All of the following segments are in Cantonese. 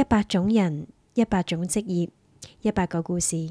一百種人，一百種職業，一百個故事。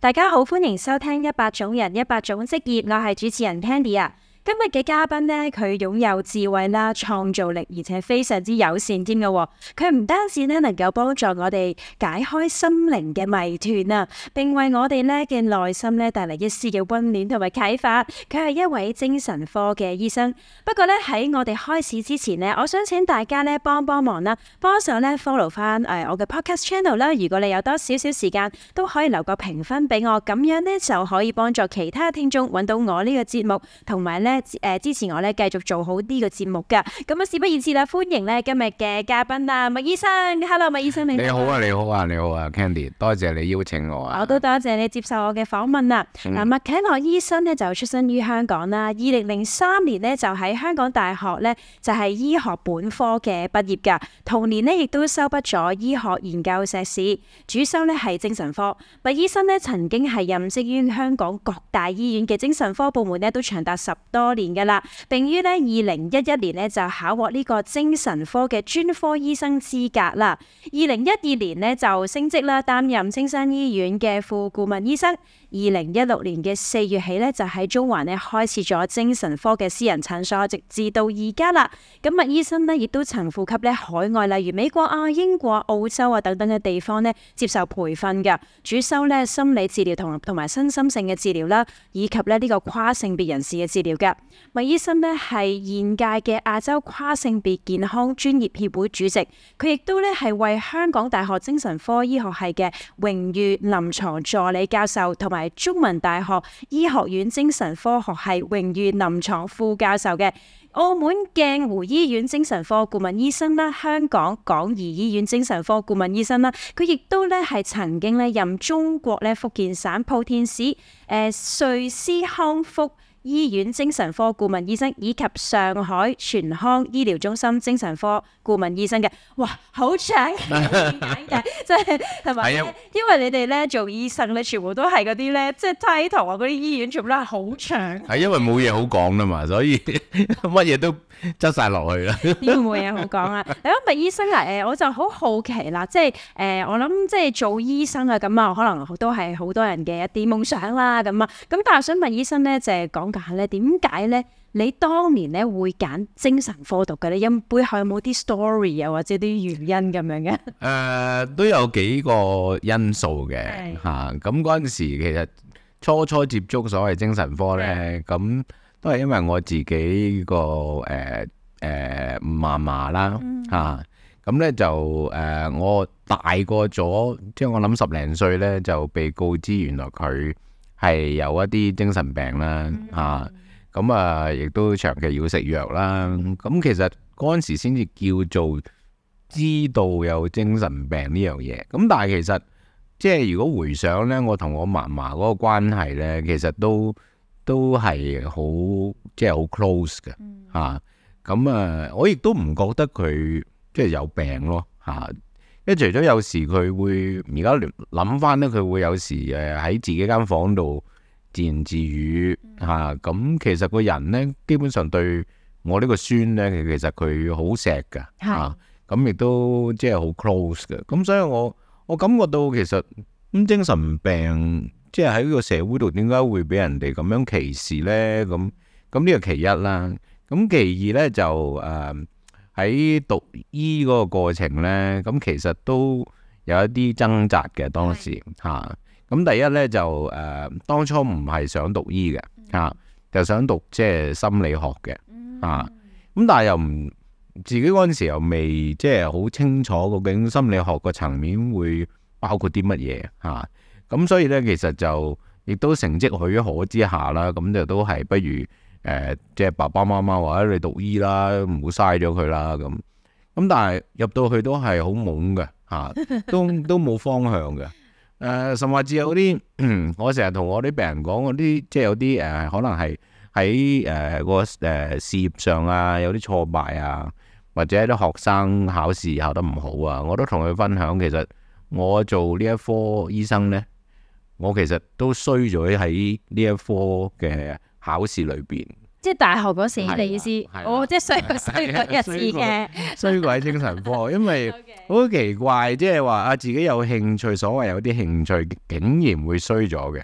大家好，歡迎收聽《一百種人，一百種職業》，我係主持人 Candy 啊。今日嘅嘉賓呢，佢擁有智慧啦、創造力，而且非常之友善添嘅。佢唔單止呢能夠幫助我哋解開心靈嘅迷團啊，並為我哋呢嘅內心呢帶嚟一絲嘅溫暖同埋啟發。佢係一位精神科嘅醫生。不過呢，喺我哋開始之前呢，我想請大家呢幫幫忙啦，幫手呢 follow 翻誒我嘅 podcast channel 啦。如果你有多少少時間，都可以留個評分俾我，咁樣呢，就可以幫助其他聽眾揾到我呢個節目同埋呢。咧支持我咧，繼續做好呢個節目㗎。咁啊，事不宜遲啦，歡迎咧今日嘅嘉賓啊，麥醫生。Hello，麥醫生，你好你好啊，你好啊，Candy，多謝你邀請我啊。我都多謝你接受我嘅訪問啦。嗱、嗯，麥棨諾醫生咧就出生於香港啦，二零零三年呢，就喺香港大學呢，就係醫學本科嘅畢業㗎。同年呢，亦都修畢咗醫學研究碩士，主修呢係精神科。麥醫生咧曾經係任職於香港各大醫院嘅精神科部門咧，都長達十多多年嘅啦，並於呢二零一一年呢就考獲呢個精神科嘅專科醫生資格啦。二零一二年呢就升職啦，擔任青山醫院嘅副顧問醫生。二零一六年嘅四月起呢，就喺中環呢開設咗精神科嘅私人診所，直至到而家啦。咁麥醫生呢亦都曾負笈呢海外，例如美國啊、英國、啊、澳洲啊等等嘅地方呢接受培訓嘅，主修呢心理治療同同埋身心性嘅治療啦，以及咧呢、這個跨性別人士嘅治療嘅。麥醫生呢係現屆嘅亞洲跨性別健康專業協會主席，佢亦都呢係為香港大學精神科醫學系嘅榮譽臨床助理教授同埋。係中文大學醫學院精神科學系榮譽臨床副教授嘅，澳門鏡湖醫院精神科顧問醫生啦，香港港怡醫院精神科顧問醫生啦，佢亦都咧係曾經咧任中國咧福建省莆田市誒，瑞斯康復。醫院精神科顧問醫生以及上海全康醫療中心精神科顧問醫生嘅，哇，好長嘅，即係咪？埋咧， 因為你哋咧做醫生咧，全部都係嗰啲咧，即係 title 啊嗰啲醫院全部都係好長。係因為冇嘢好講啦嘛，所以乜嘢都。 執晒落去啦，啲冇嘢好講啦、啊。嚟講麥醫生啊，誒、呃，我就好好奇啦，即係誒，我諗即係做醫生啊，咁啊，可能都係好多人嘅一啲夢想啦，咁啊，咁但係想問醫生咧，就係、是、講下咧，點解咧，你當年咧會揀精神科讀嘅咧？因背後有冇啲 story 啊，或者啲原因咁樣嘅？誒、呃，都有幾個因素嘅吓，咁嗰陣時其實初初接觸所謂精神科咧，咁、嗯。嗯都係因為我自己個誒誒嫲嫲啦嚇，咁、呃、咧、呃嗯啊、就誒、呃、我大個咗，即係我諗十零歲咧就被告知原來佢係有一啲精神病啦嚇，咁、嗯嗯、啊，啊亦都長期要食藥啦。咁、嗯嗯、其實嗰陣時先至叫做知道有精神病呢樣嘢，咁但係其實即係如果回想咧，我同我嫲嫲嗰個關係咧，其實都。都係好即係好 close 嘅嚇，咁、嗯、啊我亦都唔覺得佢即係有病咯嚇，因、啊、為除咗有時佢會而家諗返咧，佢會有時誒喺自己間房度自言自語嚇，咁、嗯啊、其實個人咧基本上對我個孫呢個孫咧，其實佢好錫嘅嚇，咁亦、嗯啊、都即係好 close 嘅，咁所以我我感覺到其實咁精神病。即係喺呢個社會度，點解會俾人哋咁樣歧視呢？咁咁呢個其一啦。咁其二呢，就誒，喺、呃、讀醫嗰個過程呢，咁其實都有一啲掙扎嘅當時吓。咁是、啊、第一呢，就誒、呃，當初唔係想讀醫嘅吓，就、啊、想讀即係心理學嘅吓。咁、啊、但係又唔自己嗰陣時又未即係好清楚究竟心理學個層面會包括啲乜嘢吓。啊咁所以咧，其實就亦都成績許可之下啦，咁就都係不如誒、呃，即係爸爸媽媽或者你讀醫啦，唔好嘥咗佢啦咁。咁但係入到去都係好懵嘅，嚇、啊，都都冇方向嘅。誒、呃，甚至有啲，我成日同我啲病人講，嗰啲即係有啲誒、呃，可能係喺誒個誒事業上啊，有啲挫敗啊，或者啲學生考試考得唔好啊，我都同佢分享，其實我做呢一科醫生咧。嗯，我其實都衰咗喺呢一科嘅考試裏邊，即係大學嗰時，啊、你意思、啊、我即係衰衰過一次嘅衰喺精神科， 因為好奇怪，即係話啊自己有興趣，所謂有啲興趣，竟然會衰咗嘅。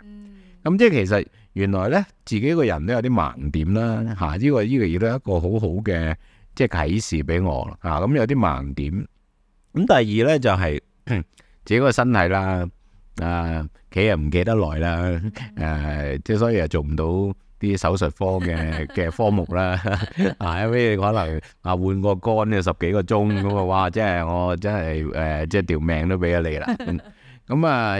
咁即係其實原來咧，自己個人都有啲盲點啦。吓，呢個呢個亦都係一個好好嘅即係啟示俾我。吓，咁有啲盲點。咁、啊這個這個啊、第二咧就係、是嗯、自己個身體啦。啊，佢又唔記得來啦，誒、啊，即係所以又做唔到啲手術科嘅嘅科目啦。啊，因為可能啊換個肝要十幾個鐘咁啊，哇！即、就、係、是、我真係誒，即係條命都俾咗你啦。咁、嗯、啊誒、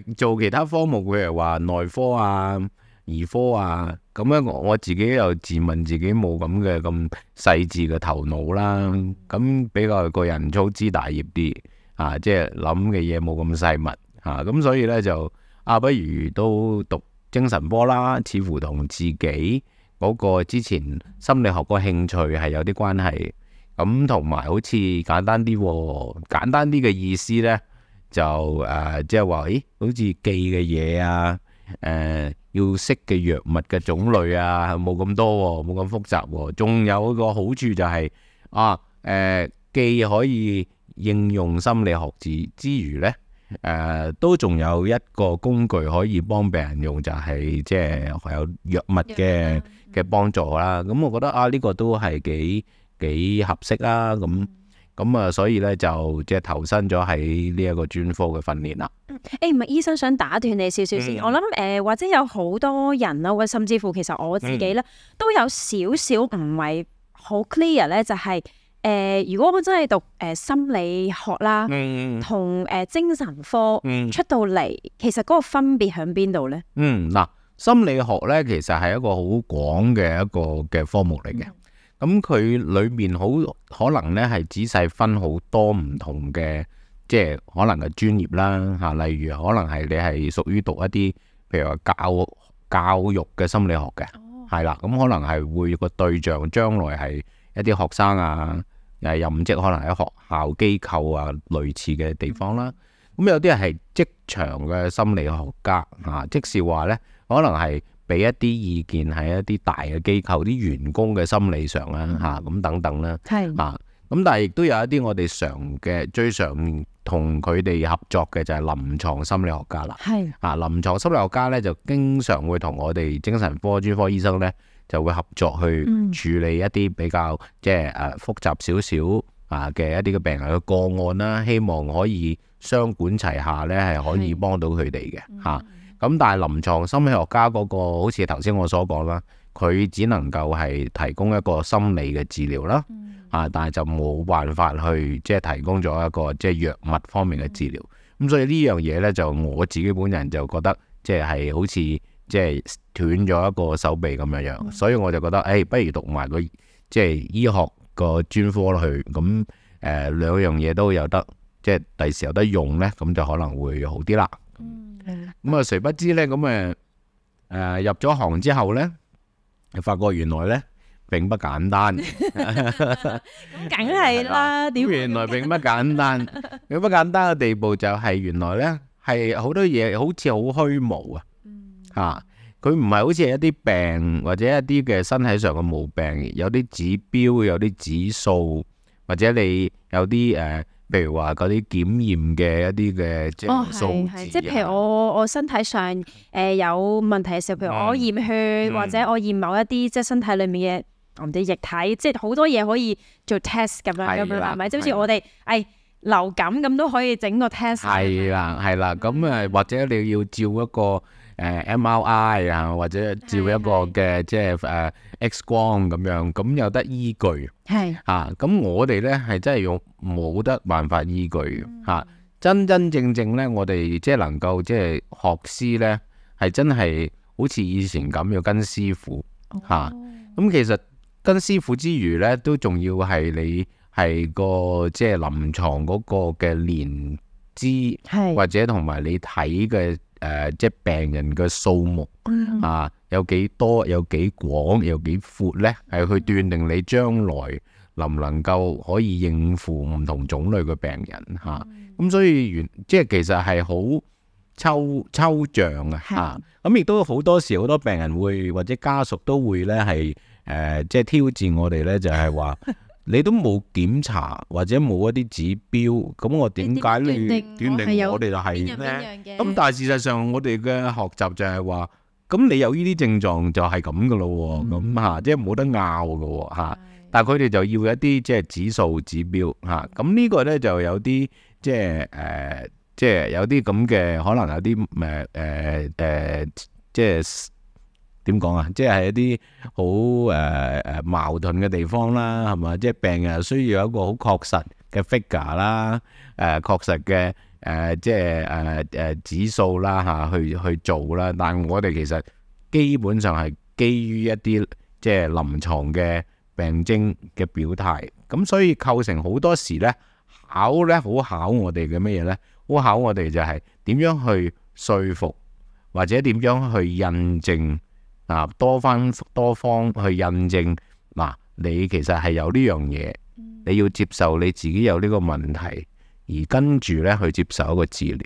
啊，做其他科目譬如話內科啊、兒科啊，咁、啊、咧、啊、我自己又自問自己冇咁嘅咁細緻嘅頭腦啦。咁、啊嗯嗯、比較個人粗枝大葉啲啊，即係諗嘅嘢冇咁細密。啊，咁所以咧就啊，不如都讀精神科啦。似乎同自己嗰個之前心理學個興趣係有啲關係。咁同埋好似簡單啲、哦，簡單啲嘅意思咧就誒、呃，即係話，咦，好似記嘅嘢啊，誒、呃，要識嘅藥物嘅種類啊，冇咁多、哦，冇咁複雜、哦。仲有個好處就係、是、啊，誒、呃，既可以應用心理學字之餘咧。誒、呃、都仲有一個工具可以幫病人用，就係即係有藥物嘅嘅幫助啦。咁、嗯、我覺得啊，呢、呢個都係幾幾合適啦。咁咁啊，所以咧就即係投身咗喺呢一個專科嘅訓練啦。麥、嗯欸、醫生想打斷你少少先，嗯、我諗誒、呃，或者有好多人啦，或甚至乎其實我自己咧、嗯、都有少少唔係好 clear 咧，就係、係。誒，如果我真係讀誒心理學啦，嗯，同誒精神科出到嚟，其實嗰個分別喺邊度呢？嗯，嗱，心理學呢，其實係一個好廣嘅一個嘅科目嚟嘅。咁佢裏面好可能咧係仔細分好多唔同嘅，即係可能嘅專業啦嚇。例如可能係你係屬於讀一啲，譬如話教教育嘅心理學嘅，係啦、哦。咁可能係會有個對象將來係一啲學生啊。誒，任職可能喺學校機構啊，類似嘅地方啦。咁、嗯嗯、有啲人係職場嘅心理學家嚇、啊，即是話呢，可能係俾一啲意見喺一啲大嘅機構啲員工嘅心理上啦嚇，咁、嗯啊、等等啦。係咁是、啊、但係亦都有一啲我哋常嘅最常同佢哋合作嘅就係臨床心理學家啦。係啊，臨是、啊、床心理學家呢，就經常會同我哋精神科專科醫生呢，就會合作去處理一啲比較即係誒複雜少少啊嘅一啲嘅病人嘅個案啦，希望可以雙管齊下咧，係可以幫到佢哋嘅嚇。咁的、啊、但係臨床心理學家嗰、個，好似頭先我所講啦，佢只能夠係提供一個心理嘅治療啦，啊，但係就冇辦法去即係提供咗一個即係藥物方面嘅治療。咁、嗯啊、所以呢樣嘢咧，就我自己本人就覺得即係好似。即係斷咗一個手臂咁樣樣，嗯、所以我就覺得，誒、哎，不如讀埋個即係醫學個專科去咁誒、呃、兩樣嘢都有得，即係第時有得用咧，咁就可能會好啲啦。咁啊、嗯，誰不知咧？咁誒誒入咗行之後咧，發覺原來咧並不簡單。咁梗係啦，點？原來並不簡單，並不簡單嘅地步就係原來咧係好多嘢好似好虛無啊。啊！佢唔係好似一啲病或者一啲嘅身體上嘅毛病，有啲指標，有啲指數，或者你有啲誒，譬如話嗰啲檢驗嘅一啲嘅即係數字。哦，係係，即係譬如我我身體上誒有問題嘅時候，譬如我驗血，或者我驗某一啲即係身體裡面嘅我唔知液體，即係好多嘢可以做 test 咁樣咁樣係咪？即係好似我哋誒流感咁都可以整個 test。係啦係啦，咁誒或者你要照一個。誒、uh, MRI 啊、uh,，或者照一個嘅即係誒 X 光咁樣，咁有得依據。係是啊，咁我哋咧係真係有冇得辦法依據嘅、嗯啊、真真正正咧，我哋即係能夠即係學師咧，係真係好似以前咁樣要跟師傅嚇。咁、哦啊嗯、其實跟師傅之餘咧，都仲要係你係個即係、就是、臨床嗰個嘅年資，是或者同埋你睇嘅。誒、呃，即係病人嘅數目啊，有幾多，有幾廣，有幾闊呢係去斷定你將來能唔能夠可以應付唔同種類嘅病人吓。咁、啊、所以原即係其實係好抽抽象啊。吓是，咁亦、嗯、都好多時好多病人會或者家屬都會呢係誒、呃，即係挑戰我哋呢，就係、是、話。 你都冇檢查或者冇一啲指標，咁我點解你斷定我哋就係呢？咁但係事實上我哋嘅學習就係話，咁你有呢啲症狀就係咁噶咯喎，咁嚇即係冇得拗噶喎嚇。但係佢哋就要一啲即係指數指標嚇。咁呢個咧就有啲即係誒，即係有啲咁嘅可能有啲誒誒誒，即係。點講啊？即係一啲好誒誒矛盾嘅地方啦，係嘛？即係病人需要一個好確實嘅 figure 啦、呃，誒確實嘅誒、呃、即係誒誒指數啦嚇，去去做啦。但係我哋其實基本上係基於一啲即係臨床嘅病徵嘅表態，咁所以構成好多時咧考咧好考我哋嘅乜嘢咧？好考我哋就係點樣去說服，或者點樣去印證。嗱，多翻多方去印證，嗱、啊，你其實係有呢樣嘢，你要接受你自己有呢個問題，而跟住咧去接受一個治療，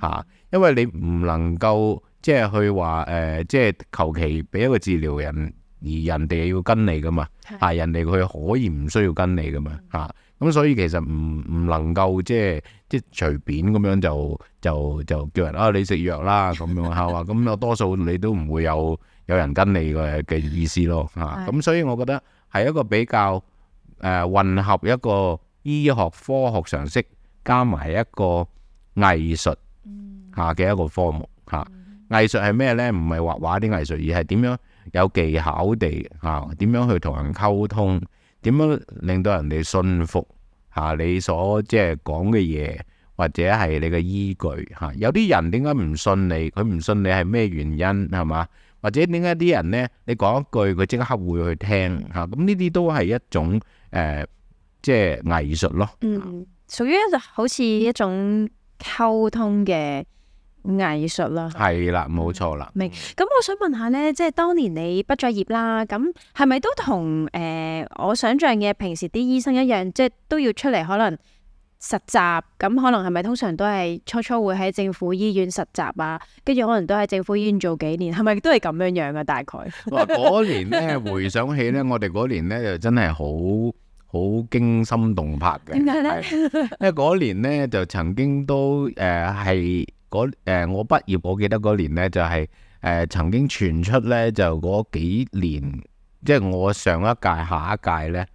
吓、啊，因為你唔能夠即係去話誒，即係求其俾一個治療人，而人哋要跟你噶嘛，吓、啊，人哋佢可以唔需要跟你噶嘛，吓、啊。咁、嗯、所以其實唔唔能夠即係即係隨便咁樣就就就叫人啊，你食藥啦咁樣吓咁、啊、我多數你都唔會有有人跟你嘅嘅意思咯吓，咁所以我覺得係一個比較誒、呃、混合一個醫學科學常識加埋一個藝術吓嘅一個科目吓藝術係咩咧？唔係畫畫啲藝術，而係點樣有技巧地吓點、啊、樣去同人溝通。點樣令到人哋信服？吓、啊、你所即係講嘅嘢，或者係你嘅依據吓、啊。有啲人點解唔信你？佢唔信你係咩原因？係嘛？或者點解啲人咧？你講一句，佢即刻會去聽吓。咁呢啲都係一種誒，即係藝術咯。嗯，屬於好似一種溝通嘅。藝術啦，係啦，冇錯啦。明咁、就是呃，我想問下呢，即係當年你畢咗業啦，咁係咪都同誒我想像嘅平時啲醫生一樣，即係都要出嚟可能實習，咁可能係咪通常都係初初會喺政府醫院實習啊？跟住可能都喺政府醫院做幾年，係咪都係咁樣樣啊？大概嗰年呢，回想起呢，我哋嗰年呢，就真係好好驚心動魄嘅。點解呢？因為嗰年呢，就曾經都誒係。呃嗰、呃、我畢業，我記得嗰年呢，就係、是、誒、呃、曾經傳出呢，就嗰幾年，即、就、係、是、我上一屆下一屆呢，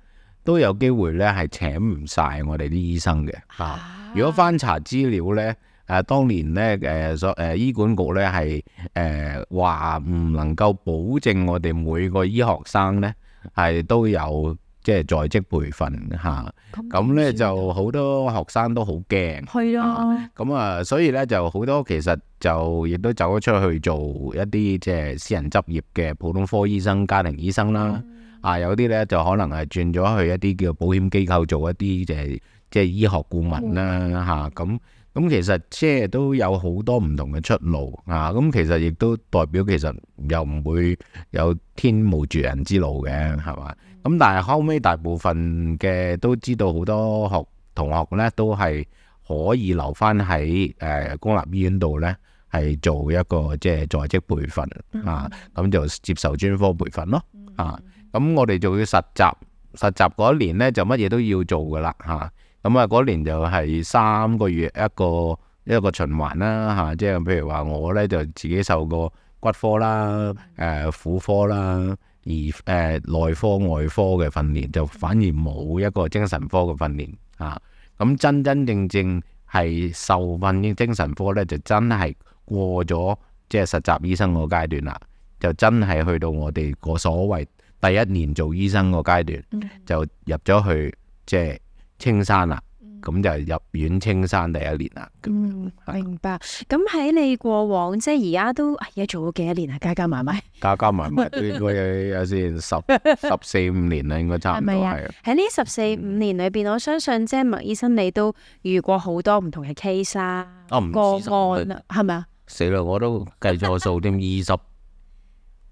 都有機會呢係請唔晒我哋啲醫生嘅。嚇、啊！如果翻查資料呢，誒、啊、當年呢，誒、呃、所誒、呃、醫管局呢係誒話唔能夠保證我哋每個醫學生呢，係都有。即係在職培訓嚇，咁呢、嗯、就好多學生都好驚。咁的啊，所以呢就好多其實就亦都走咗出去做一啲即係私人執業嘅普通科醫生、家庭醫生啦。嗯、啊，有啲呢就可能係轉咗去一啲叫保險機構做一啲即係即係醫學顧問啦嚇。咁咁、嗯啊嗯嗯、其實即係都有好多唔同嘅出路啊。咁、嗯、其實亦都代表其實又唔會有天無絕人之路嘅係嘛？嗯咁但係後尾大部分嘅都知道，好多學同學呢都係可以留翻喺誒公立醫院度呢，係做一個即係在職培訓，mm hmm. 啊，咁就接受專科培訓咯啊。咁我哋仲要實習，實習嗰一年呢就乜嘢都要做噶啦嚇。咁啊嗰、嗰、年就係三個月一個一個循環啦嚇，即係譬如話我呢，就自己受過骨科啦、誒、呃、婦科啦。而誒、呃、內科、外科嘅訓練就反而冇一個精神科嘅訓練啊！咁真真正正係受訓嘅精神科呢，就真係過咗即係實習醫生個階段啦，就真係去到我哋個所謂第一年做醫生個階段，就入咗去即係青山啦。咁就係入院青山第一年啦。嗯，明白。咁喺你過往即係而家都而家做咗幾多年啊？加加埋埋，加加埋埋，都應該有有先十十四五年啦，應該差唔多。係喺呢十四五年裏邊，我相信即係麥醫生你都遇過好多唔同嘅 case 啊，個案啊，係咪案啊？死啦吧！我都計咗數添，二十。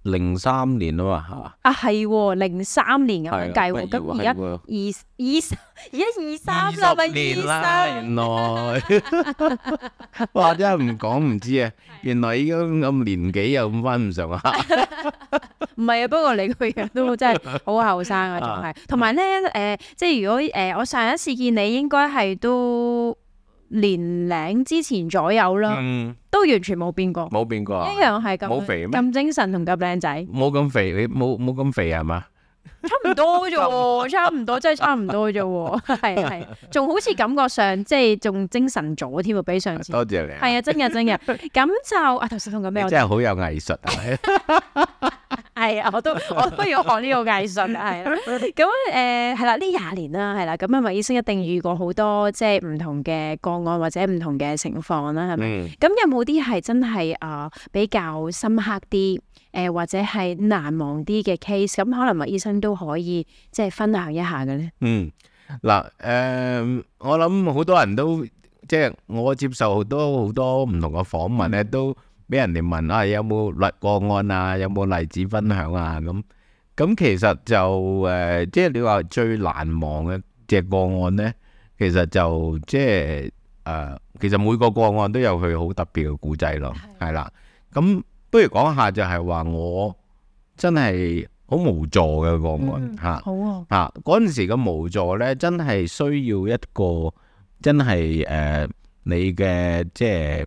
零三年啊嘛，啊係，零三、啊啊、年咁樣計，二一的、二二、二一、二三啦，咪二三。二十年內，來 哇！真係唔講唔知啊，原來已經咁年紀又咁翻唔上 啊！唔係啊，不過你個樣都真係好後生啊，仲係。同埋咧，誒、呃，即係如果誒、呃，我上一次見你應該係都。年齡之前左右啦，都完全冇變過，冇變過，一樣係咁，冇肥咩？咁精神同咁靚仔，冇咁肥，你冇冇咁肥係咪？差唔多啫，差唔多，真係差唔多啫，係係，仲好似感覺上即係仲精神咗添啊，比上次。多謝你，係啊，真嘅真嘅。咁就阿頭先同個咩？你真係好有藝術啊！係啊，我都我都要學呢個藝術，係咁誒，係啦呢廿年啦，係啦，咁啊，麥醫生一定遇過好多即係唔同嘅個案或者唔同嘅情況啦，係咪？咁有冇啲係真係啊比較深刻啲，誒，或者係難忘啲嘅 case？咁可能麥醫生都可以即係分享一下嘅咧。嗯，嗱，誒，我諗好多人都即係我接受好多好多唔同嘅訪問咧，都。俾人哋問啊，有冇例個案啊？有冇例子分享啊？咁咁其實就誒，即係你話最難忘嘅只個，個案呢，其實就即係誒，其實每個個案都有佢好特別嘅故仔咯，係啦的。咁不如講下就係話我真係好無助嘅個案嚇，嚇嗰陣時嘅無助呢，真係需要一個真係誒、呃、你嘅即係。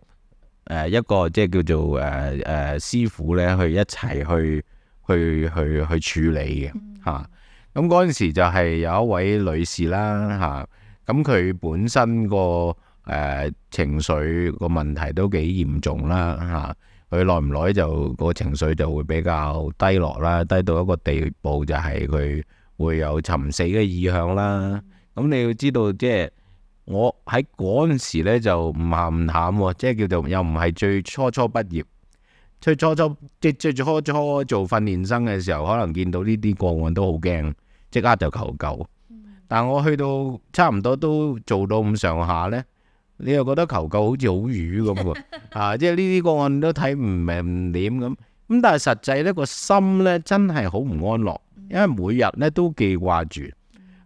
誒一個即係叫做誒誒、呃呃、師傅咧，去一齊去去去去，去處理嘅嚇。咁嗰陣時就係有一位女士啦嚇。咁、啊、佢本身個誒、呃、情緒個問題都幾嚴重啦嚇。佢耐唔耐就個情緒就會比較低落啦，低到一個地步就係佢會有尋死嘅意向啦。咁、啊嗯嗯嗯嗯嗯、你要知道即係。我喺嗰陣時咧，就唔咸唔淡，即係叫做又唔係最初初畢業，最初初初即最初初做訓練生嘅時候，可能見到呢啲個案都好驚，即刻就求救。但我去到差唔多都做到咁上下咧，你又覺得求救好似好瘀咁喎， 啊！即係呢啲個案都睇唔明唔點咁，咁但係實際咧，個心咧真係好唔安樂，因為每日咧都記掛住。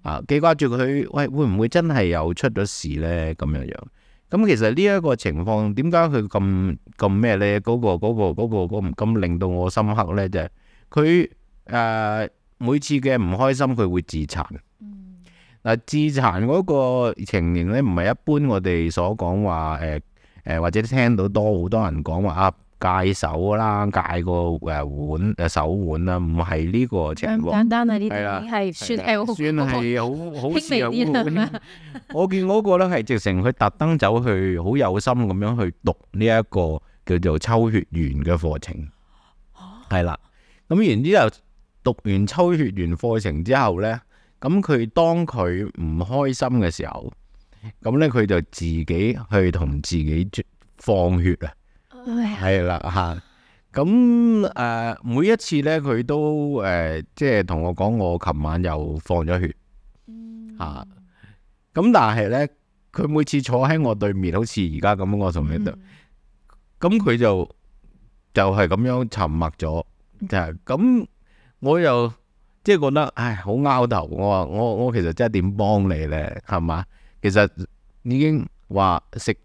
啊，記掛住佢？喂，會唔會真係又出咗事呢？咁樣樣，咁其實呢一個情況點解佢咁咁咩呢？嗰個嗰個嗰個嗰咁令到我深刻呢。就係佢誒每次嘅唔開心佢會自殘。嗱、嗯啊，自殘嗰個情形呢，唔係一般我哋所講話誒誒、呃呃，或者聽到多好多人講話啊。戒手啦，戒個誒腕誒手腕啦，唔係呢個情唔簡、嗯、單啊，呢啲係算係算係好好輕微，我見嗰個咧係直情佢特登走去，好有心咁樣去讀呢一個叫做抽血員嘅課程。係、啊、啦，咁然之後讀完抽血員課程之後咧，咁佢當佢唔開心嘅時候，咁咧佢就自己去同自己放血啊。係啦吓，咁誒、啊，每一次咧佢都誒、呃，即係同我講，我琴晚又放咗血，吓、嗯，咁、啊、但係咧，佢每次坐喺我對面，好似而家咁，我同佢對，咁佢、嗯、就就係、是、咁樣沉默咗，嗯啊、就咁，我又即係覺得唉，好拗頭，我話我我其實真係點幫你咧，係嘛，其實已經話食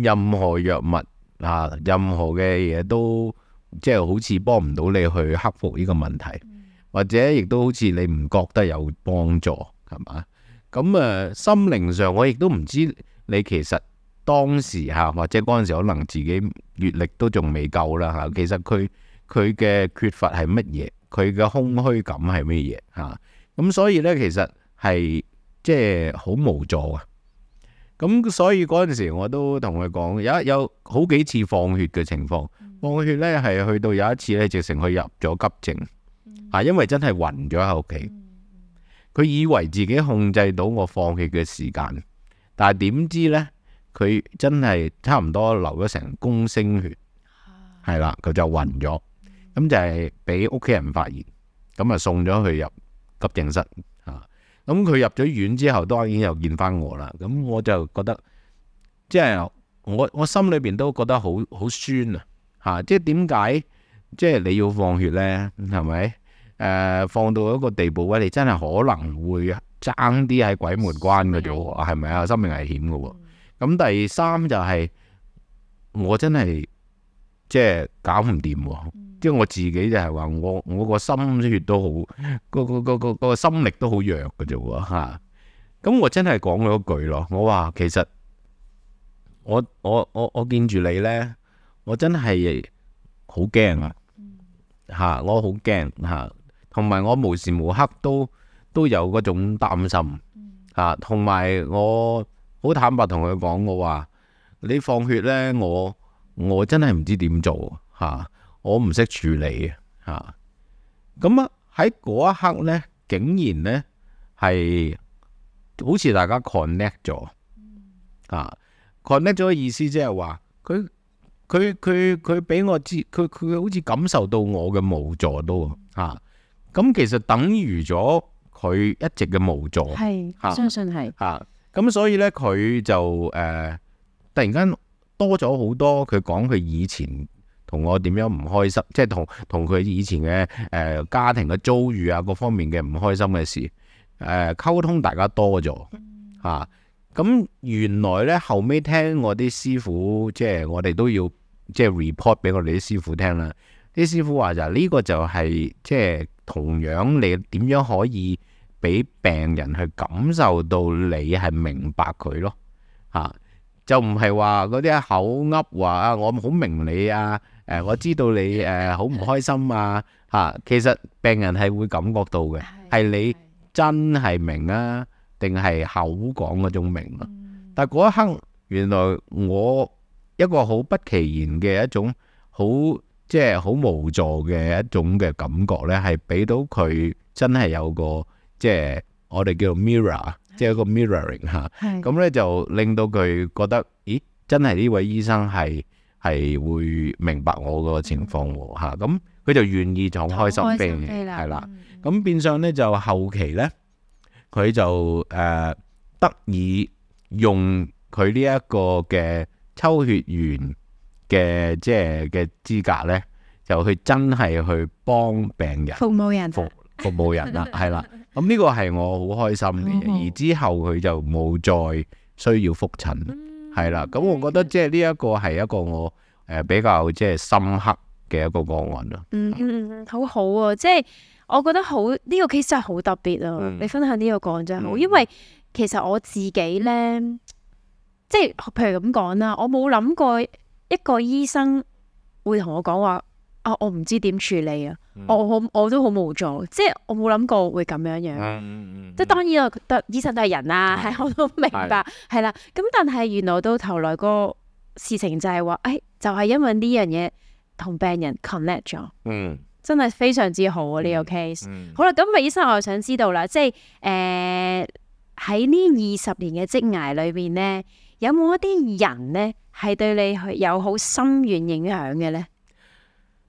任何藥物。啊，任何嘅嘢都即係、就是、好似幫唔到你去克服呢個問題，嗯、或者亦都好似你唔覺得有幫助，係嘛？咁誒、呃，心靈上我亦都唔知你其實當時吓、啊，或者嗰陣時可能自己閱歷都仲未夠啦吓、啊。其實佢佢嘅缺乏係乜嘢？佢嘅空虛感係乜嘢？吓、啊、咁，所以咧，其實係即係好無助啊！咁所以嗰陣時我都同佢講，有有好幾次放血嘅情況，放血呢係去到有一次呢直情佢入咗急症，啊、嗯，因為真係暈咗喺屋企。佢以為自己控制到我放血嘅時間，但係點知呢，佢真係差唔多流咗成公升血，係啦，佢就暈咗，咁、嗯、就係俾屋企人發現，咁就送咗佢入急症室。咁佢入咗院之後當然又見翻我啦，咁我就覺得，即係我我心裏邊都覺得好好酸啊嚇、啊！即係點解即係你要放血咧？係咪？誒、呃、放到一個地步咧，你真係可能會爭啲喺鬼門關嘅啫喎，係咪啊？生命危險嘅喎。咁、嗯、第三就係、是、我真係即係搞唔掂喎。即係我自己就係話我我個心血都好，個個個個心力都好弱嘅啫喎嚇！咁我真係講咗句咯，我話其實我我我我見住你咧，我真係好驚啊嚇！我好驚嚇，同埋我無時無刻都都有嗰種擔心嚇，同埋我好坦白同佢講，我話你放血咧，我我真係唔知點做嚇。啊我唔識處理嘅，吓咁、啊喺嗰一刻呢，竟然呢，係好似大家 connect 咗，啊 connect 咗嘅意思即係話佢佢佢佢俾我知，佢佢好似感受到我嘅無助都吓，咁、啊、其實等於咗佢一直嘅無助，係是、啊、相信係吓，咁、啊、所以呢，佢就誒突然間多咗好多，佢講佢以前。同我點樣唔開心，即係同同佢以前嘅誒、呃、家庭嘅遭遇啊，各方面嘅唔開心嘅事，誒、呃、溝通大家多咗嚇。咁、啊、原來咧，後尾聽我啲師傅，即係我哋都要即係 report 俾我哋啲師傅聽啦。啲師傅話就呢個就係、是、即係同樣你點樣可以俾病人去感受到你係明白佢咯嚇。啊就唔係話嗰啲口噏話啊，我好明你啊，誒我知道你誒好唔開心啊嚇。其實病人係會感覺到嘅，係你真係明啊，定係口講嗰種明啊？但嗰一刻原來我一個好不其然嘅一種好即係好無助嘅一種嘅感覺咧，係俾到佢真係有個即係、就是、我哋叫 mirror。即係一個 mirroring 嚇是，咁咧就令到佢覺得，咦，真係呢位醫生係係會明白我個情況喎嚇，咁佢就願意仲開心病，嘅，係啦的，咁變相咧就後期咧，佢就誒得以用佢呢一個嘅抽血員嘅即係嘅資格咧，就去真係去幫病人服務人服、啊、服務人啦、啊，係啦。 咁呢個係我好開心嘅，好好而之後佢就冇再需要覆診，係啦、嗯。咁的、嗯、我覺得即係呢一個係一個我誒比較即係深刻嘅一個個案咯。嗯嗯嗯，好好啊，即係我覺得好呢個 case 真係好特別啊！嗯、你分享呢個個案真係好，嗯、因為其實我自己咧，即係譬如咁講啦，我冇諗過一個醫生會同我講話啊，我唔知點處理啊。我好，我都好無助，即係我冇諗過會咁樣樣。嗯嗯嗯、即係當然啊，得、嗯、醫生都係人啊，係是我都明白，係是啦。咁但係原來到頭來嗰個事情就係話，誒、哎、就係、是、因為呢樣嘢同病人 connect 咗，嗯、真係非常之好啊呢、嗯、個 case。嗯嗯、好啦，咁咪醫生，我就想知道啦，即係誒喺呢二十年嘅職涯裏邊咧，有冇一啲人咧係對你有好深遠影響嘅咧？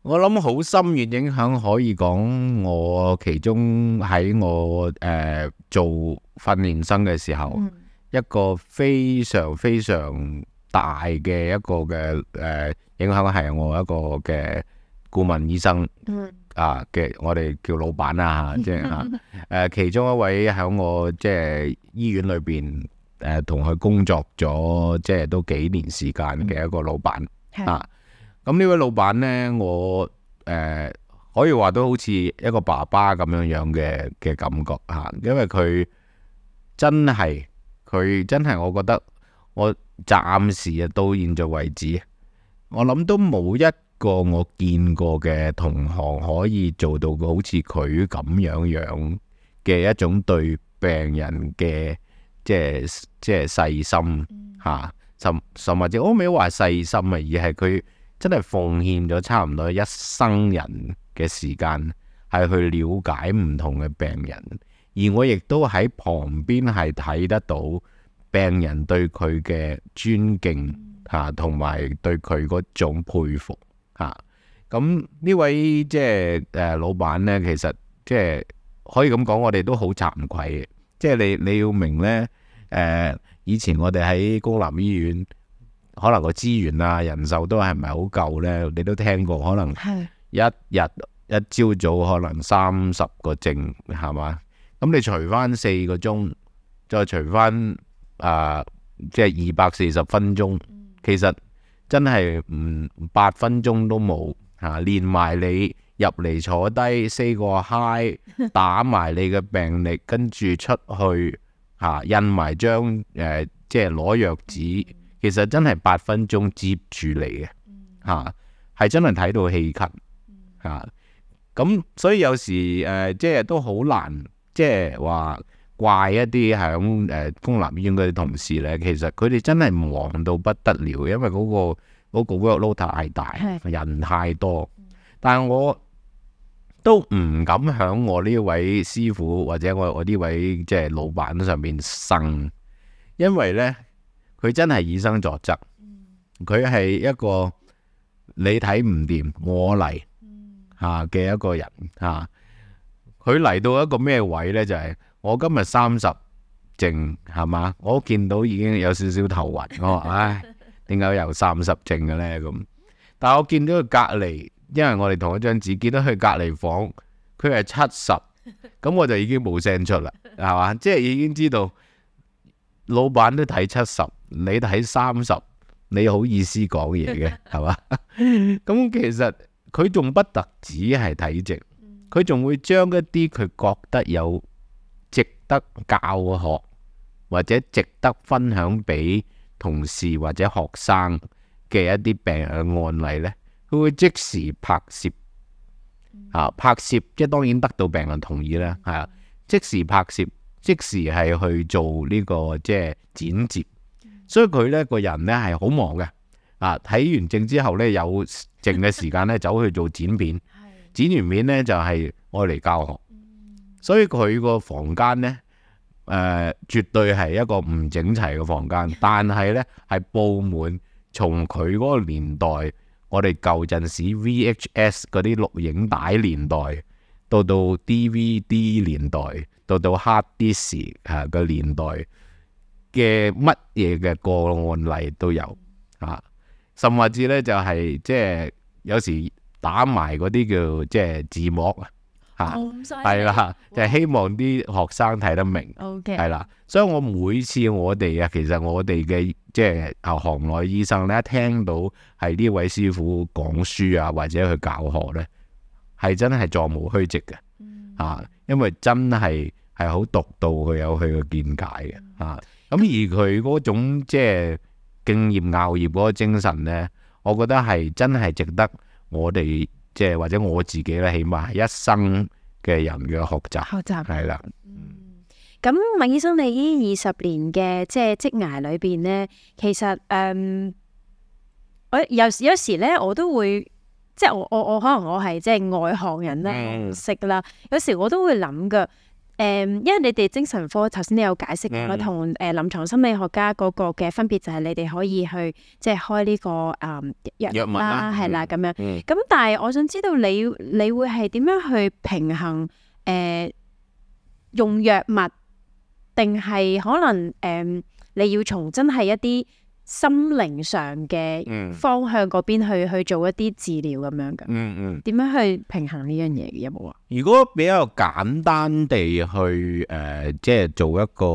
我諗好深遠影響，可以講我其中喺我、誒、呃、做訓練生嘅時候，嗯、一個非常非常大嘅一個嘅誒、呃、影響係我一個嘅顧問醫生，嗯、啊嘅我哋叫老闆啊，即係吓誒，其中一位響我即係、就是、醫院裏邊誒同佢工作咗即係都幾年時間嘅一個老闆啊。嗯咁呢位老闆呢，我誒、呃、可以話都好似一個爸爸咁樣樣嘅嘅感覺嚇，因為佢真係佢真係，我覺得我暫時啊到現在為止，我諗都冇一個我見過嘅同行可以做到好似佢咁樣樣嘅一種對病人嘅即係即係細心嚇，甚甚或者我唔係話細心啊，而係佢。真係奉獻咗差唔多一生人嘅時間，係去了解唔同嘅病人，而我亦都喺旁邊係睇得到病人對佢嘅尊敬嚇，同、啊、埋對佢嗰種佩服嚇。咁、啊、呢位即係誒老闆呢，其實即係、就是、可以咁講，我哋都好慚愧嘅。即、就、係、是、你你要明呢，誒、呃、以前我哋喺高南醫院。可能個資源啊、人手都係唔係好夠呢？你都聽過，可能一日一朝早可能三十個症係嘛？咁你除翻四個鐘，再除翻啊，即係二百四十分鐘，其實真係唔八分鐘都冇嚇。連埋你入嚟坐低四個嗨，打埋你嘅病歷，跟住出去嚇、啊、印埋張誒，即係攞藥紙。就是其實真係八分鐘接住嚟嘅，吓係、嗯啊、真係睇到氣咳。吓咁、嗯啊、所以有時誒、呃，即係都好難，即係話怪一啲響誒公立醫院啲同事咧。其實佢哋真係忙到不得了，因為嗰、嗰個、嗰個 workload 太大，是人太多。嗯、但係我都唔敢響我呢位師傅或者我我呢位即係老闆上面生，因為咧。佢真係以身作則，佢係一個你睇唔掂我嚟嚇嘅一個人嚇。佢、啊、嚟到一個咩位呢？就係、是、我今日三十正，係嘛？我見到已經有少少頭暈，我話唉，點解又三十正嘅呢？咁，但係我見到佢隔離，因為我哋同一張紙見到佢隔離房，佢係七十，咁我就已經冇聲出啦，係嘛？即係已經知道老闆都睇七十。你睇三十，你好意思講嘢嘅係嘛？咁 其實佢仲不特止係睇症，佢仲會將一啲佢覺得有值得教學或者值得分享俾同事或者學生嘅一啲病人嘅案例呢，佢會即時拍攝，啊拍攝即係當然得到病人同意啦，係啊，即時拍攝，即時係去做呢個即係剪接。所以佢呢個人呢係好忙嘅，啊睇完症之後呢有剩嘅時間呢走去做剪片， 剪完片呢，就係愛嚟教學。所以佢個房間呢，誒、呃、絕對係一個唔整齊嘅房間，但係呢，係佈滿從佢嗰個年代，我哋舊陣時 VHS 嗰啲錄影帶年代，到到 DVD 年代，到到 hard disc 嘅年代。嘅乜嘢嘅個案例都有啊，嗯、甚或至咧就係即係有時打埋嗰啲叫即係、就是、字幕啊，係啦、嗯，的就係希望啲學生睇得明，係啦 Okay.。所以我每次我哋啊，其實我哋嘅即係啊行內醫生咧，一聽到係呢位師傅講書啊，或者去教學咧，係真係座無虛席嘅，啊、嗯，因為真係係好獨到，佢有佢嘅見解嘅啊。嗯咁而佢嗰種即係敬業熬業嗰個精神咧，我覺得係真係值得我哋即係或者我自己咧，起碼係一生嘅人嘅學習，學習係啦。嗯，咁麥醫生，你呢二十年嘅即係職涯裏邊咧，其實誒，我有時有時咧，我都會即係我我我可能我係即係外行人咧，唔識啦。有時我都會諗㗎。誒，um, 因為你哋精神科頭先你有解釋過，同誒臨床心理學家嗰個嘅分別就係你哋可以去即係開呢、這個誒藥、呃、物啦、啊，係啦咁樣。咁、嗯、但係我想知道你你會係點樣去平衡誒、呃、用藥物，定係可能誒、呃、你要從真係一啲，心靈上嘅方向嗰邊去去做一啲治療咁樣嘅，嗯、點樣去平衡呢樣嘢？有冇啊？如果比較簡單地去誒，呃、即係做一個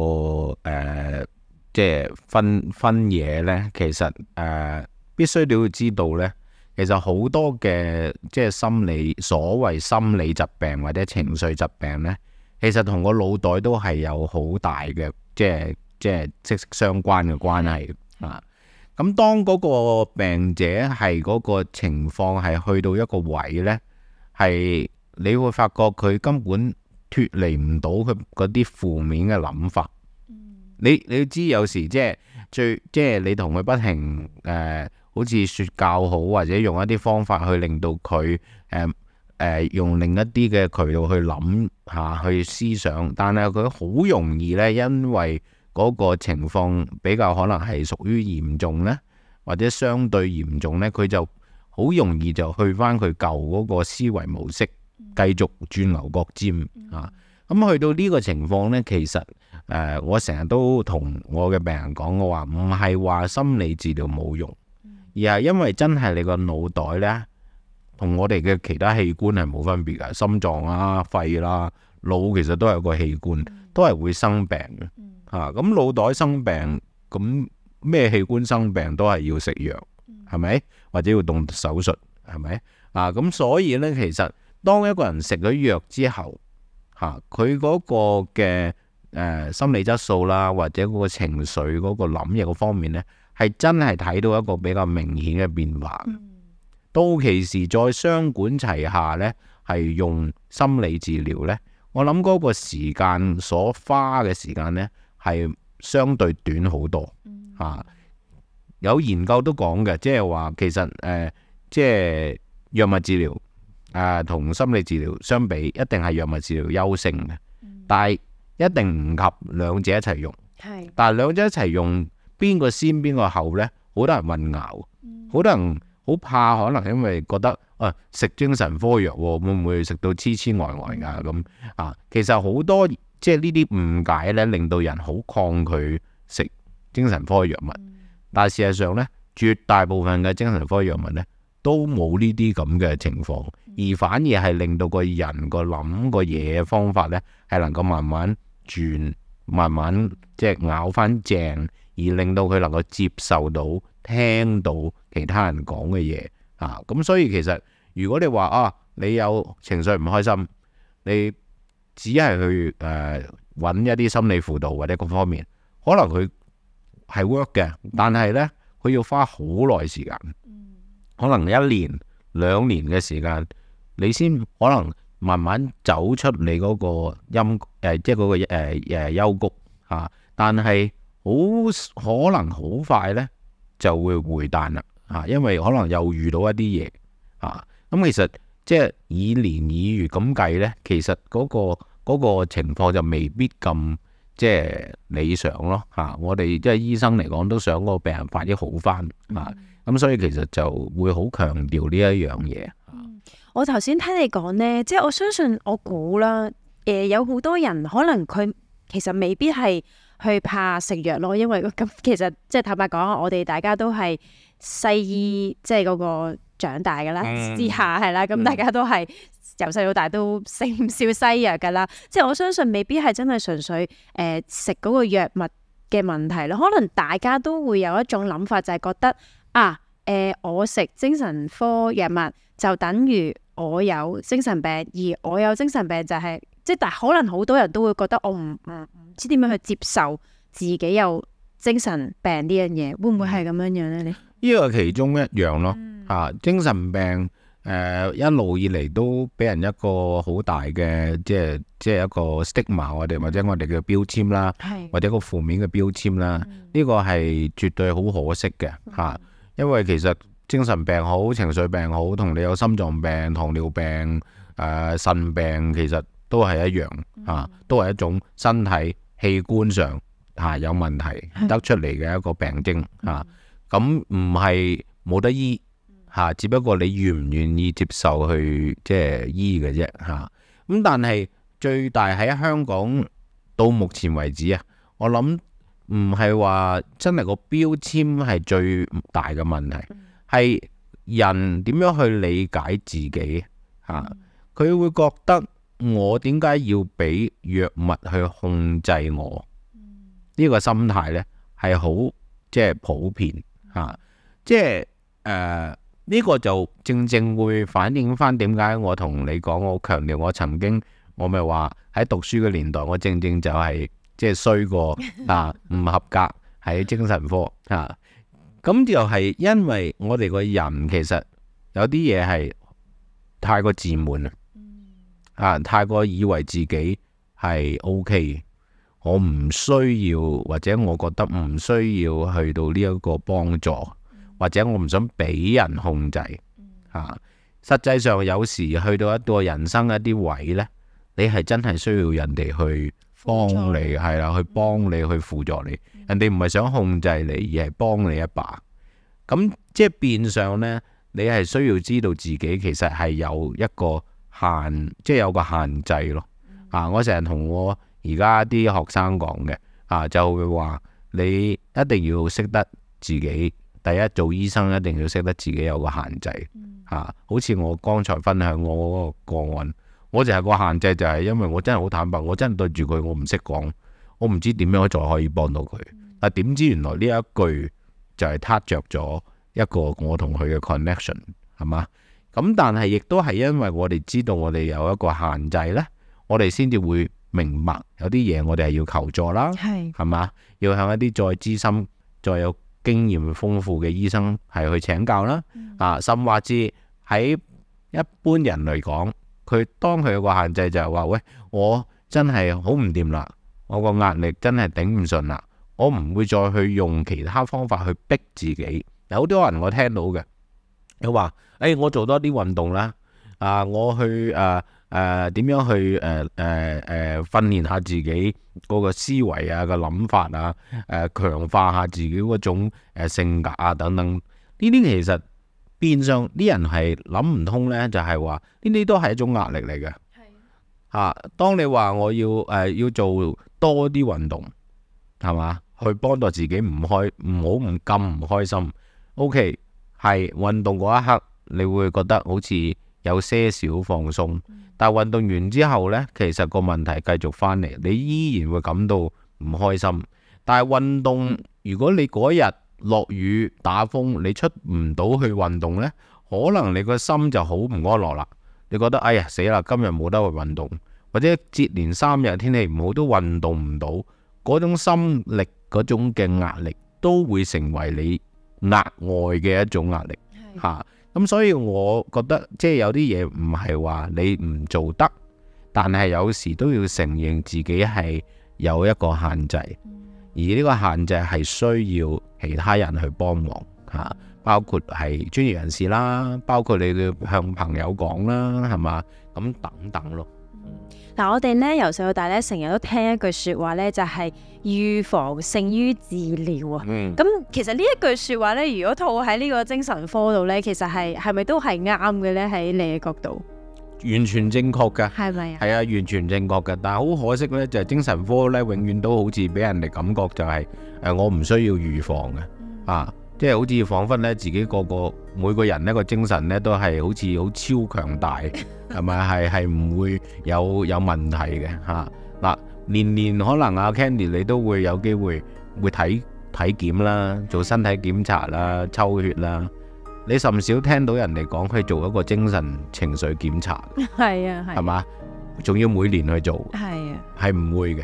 誒，即係分分嘢呢？其實誒必須你要知道呢，其實好多嘅即係心理所謂心理疾病或者情緒疾病呢，其實同個腦袋都係有好大嘅，即係即係息息相關嘅關係。嗯啊，咁當嗰個病者係嗰個情況係去到一個位呢，係你會發覺佢根本脫離唔到佢嗰啲負面嘅諗法。嗯、你你知有時即係最即係你同佢不停誒、呃，好似說教好或者用一啲方法去令到佢誒誒用另一啲嘅渠道去諗下、啊、去思想，但係佢好容易呢，因為。嗰個情況比較可能係屬於嚴重呢，或者相對嚴重呢，佢就好容易就去返佢舊嗰個思維模式，繼續鑽牛角尖、嗯、啊！咁去到呢個情況呢，其實誒、呃，我成日都同我嘅病人講嘅話，唔係話心理治療冇用，而係因為真係你個腦袋呢，同我哋嘅其他器官係冇分別嘅，心臟啊、肺啦、啊、腦其實都係一個器官，都係會生病嘅。啊！咁腦袋生病，咁咩器官生病都係要食藥，係咪？或者要動手術，係咪？啊！咁所以呢，其實當一個人食咗藥之後，吓佢嗰個嘅誒、呃、心理質素啦，或者嗰個情緒嗰個諗嘢個方面呢，係真係睇到一個比較明顯嘅變化。嗯、到期時再雙管齊下呢，係用心理治療呢。我諗嗰個時間所花嘅時間呢。係相對短好多，嗯、啊，有研究都講嘅，即係話其實誒，即、呃、係、就是、藥物治療啊，同、呃、心理治療相比，一定係藥物治療優勝嘅，嗯、但係一定唔及兩者一齊用。是但係兩者一齊用邊個先邊個後呢？好多人混淆，好、嗯、多人好怕，可能因為覺得啊、呃，食精神科藥、哦、會唔會食到痴痴呆呆㗎咁、嗯、啊？其實好多。即係呢啲誤解咧，令到人好抗拒食精神科嘅藥物。但係事實上咧，絕大部分嘅精神科藥物咧，都冇呢啲咁嘅情況，而反而係令到個人個諗個嘢方法咧，係能夠慢慢轉、慢慢即係拗翻正，而令到佢能夠接受到、聽到其他人講嘅嘢啊。咁所以其實，如果你話啊，你有情緒唔開心，你只係去誒揾、呃、一啲心理輔導或者各方面，可能佢係 work 嘅，但係呢，佢要花好耐時間，可能一年兩年嘅時間，你先可能慢慢走出你嗰個陰誒、呃，即係嗰、嗰個誒誒、呃呃、幽谷嚇、啊。但係好可能好快呢就會回彈啦嚇，因為可能又遇到一啲嘢啊。咁、嗯、其實～即係以年以月咁計呢，其實嗰、那個那個情況就未必咁即係理想咯嚇、啊。我哋即係醫生嚟講，都想個病人快啲好翻啊。咁、嗯啊、所以其實就會好強調呢一樣嘢、嗯。我頭先聽你講呢，即係我相信我估啦。誒、呃，有好多人可能佢其實未必係去怕食藥咯，因為咁其實即係坦白講，我哋大家都係西醫，即係嗰、那個。長大嘅啦，嗯、之下係啦，咁大家都係由細到大都食唔少西藥嘅啦。即係我相信未必係真係純粹誒食嗰個藥物嘅問題咯。可能大家都會有一種諗法，就係、是、覺得啊誒、呃，我食精神科藥物就等於我有精神病，而我有精神病就係、是、即係。但可能好多人都會覺得我唔唔唔知點樣去接受自己有精神病呢樣嘢，會唔會係咁樣樣咧？你呢個係其中一樣咯。嗯啊，精神病誒一路以嚟都俾人一個好大嘅，即係即係一個 stigma 我哋或者我哋嘅標籤啦，或者一個負面嘅標籤啦，呢個係絕對好可惜嘅嚇。因為其實精神病好、情緒病好，同你有心臟病、糖尿病、誒腎病，其實都係一樣嚇，都係一種身體器官上嚇有問題得出嚟嘅一個病徵嚇。咁唔係冇得醫。嚇，只不過你願唔願意接受去即係醫嘅啫嚇。咁、啊、但係最大喺香港到目前為止啊，我諗唔係話真係個標籤係最大嘅問題，係、嗯、人點樣去理解自己嚇？佢、啊嗯、會覺得我點解要俾藥物去控制我？呢、嗯、個心態呢係好即係普遍嚇、啊，即係誒。呃呢個就正正會反映翻點解我同你講，我強調我曾經，我咪話喺讀書嘅年代，我正正就係、是、即係衰過啊，唔合格喺精神科啊。咁就係因為我哋個人其實有啲嘢係太過自滿啊，啊太過以為自己係 OK，我唔需要或者我覺得唔需要去到呢一個幫助。或者我唔想俾人控制，啊，實際上有時去到一個人生一啲位呢，你係真係需要人哋去幫你，係啦、嗯，去幫你、嗯、去輔助你，人哋唔係想控制你，而係幫你一把。咁、啊、即係變相呢，你係需要知道自己其實係有一個限，即係有個限制咯。啊，我成日同我而家啲學生講嘅啊，就會話你一定要識得自己。第一做醫生一定要識得自己有個限制，嚇、嗯啊，好似我剛才分享我嗰個個案，我就係個限制就係因為我真係好坦白，我真係對住佢我唔識講，我唔知點樣可再可以幫到佢。嗯、但點知原來呢一句就係撻著咗一個我同佢嘅 connection 係嘛？咁但係亦都係因為我哋知道我哋有一個限制呢，我哋先至會明白有啲嘢我哋係要求助啦，係係嘛？要向一啲再資深、再有。經驗豐富嘅醫生係去請教啦，啊，甚至喺一般人嚟講，佢當佢有個限制就係話，喂，我真係好唔掂啦，我個壓力真係頂唔順啦，我唔會再去用其他方法去逼自己。有好多人我聽到嘅，佢話，誒、哎，我做多啲運動啦，啊，我去誒。啊誒，點、呃、樣去誒誒誒訓練下自己嗰個思維啊、個諗法啊，誒、呃、強化下自己嗰種誒性格啊等等，呢啲其實變相，啲人係諗唔通呢，就係話呢啲都係一種壓力嚟嘅。係的、啊、當你話我要誒、呃、要做多啲運動，係嘛，去幫助自己唔開，唔好唔咁唔開心。OK，係運動嗰一刻你會覺得好似。有些少放鬆，但係運動完之後呢，其實個問題繼續返嚟，你依然會感到唔開心。但係運動，如果你嗰日落雨打風，你出唔到去運動呢，可能你個心就好唔安樂啦。你覺得哎呀，死啦，今日冇得去運動，或者接連三日天氣唔好都運動唔到，嗰種心力嗰種嘅壓力都會成為你額外嘅一種壓力嚇。咁、嗯、所以，我覺得即係有啲嘢唔係話你唔做得，但係有時都要承認自己係有一個限制，而呢個限制係需要其他人去幫忙嚇，包括係專業人士啦，包括你哋向朋友講啦，係嘛，咁等等咯。嗱，我哋咧由細到大咧，成日都聽一句説話咧，就係、是、預防勝於治療啊。咁、嗯、其實呢一句説話咧，如果套喺呢個精神科度咧，其實係係咪都係啱嘅咧？喺你嘅角度，完全正確㗎，係咪啊？係啊，完全正確㗎。但係好可惜咧，就係、是、精神科咧，永遠都好似俾人哋感覺就係、是、誒、呃，我唔需要預防嘅、嗯、啊。即係好似彷彿咧，自己個個每個人咧個精神咧都係好似好超強大，係咪？係係唔會有有問題嘅嚇嗱。年年可能阿、啊、Candy 你都會有機會會體體檢啦，做身體檢查啦，抽血啦。你甚少聽到人哋講佢做一個精神情緒檢查，係 啊，係嘛？仲要每年去做，係 啊，係唔會嘅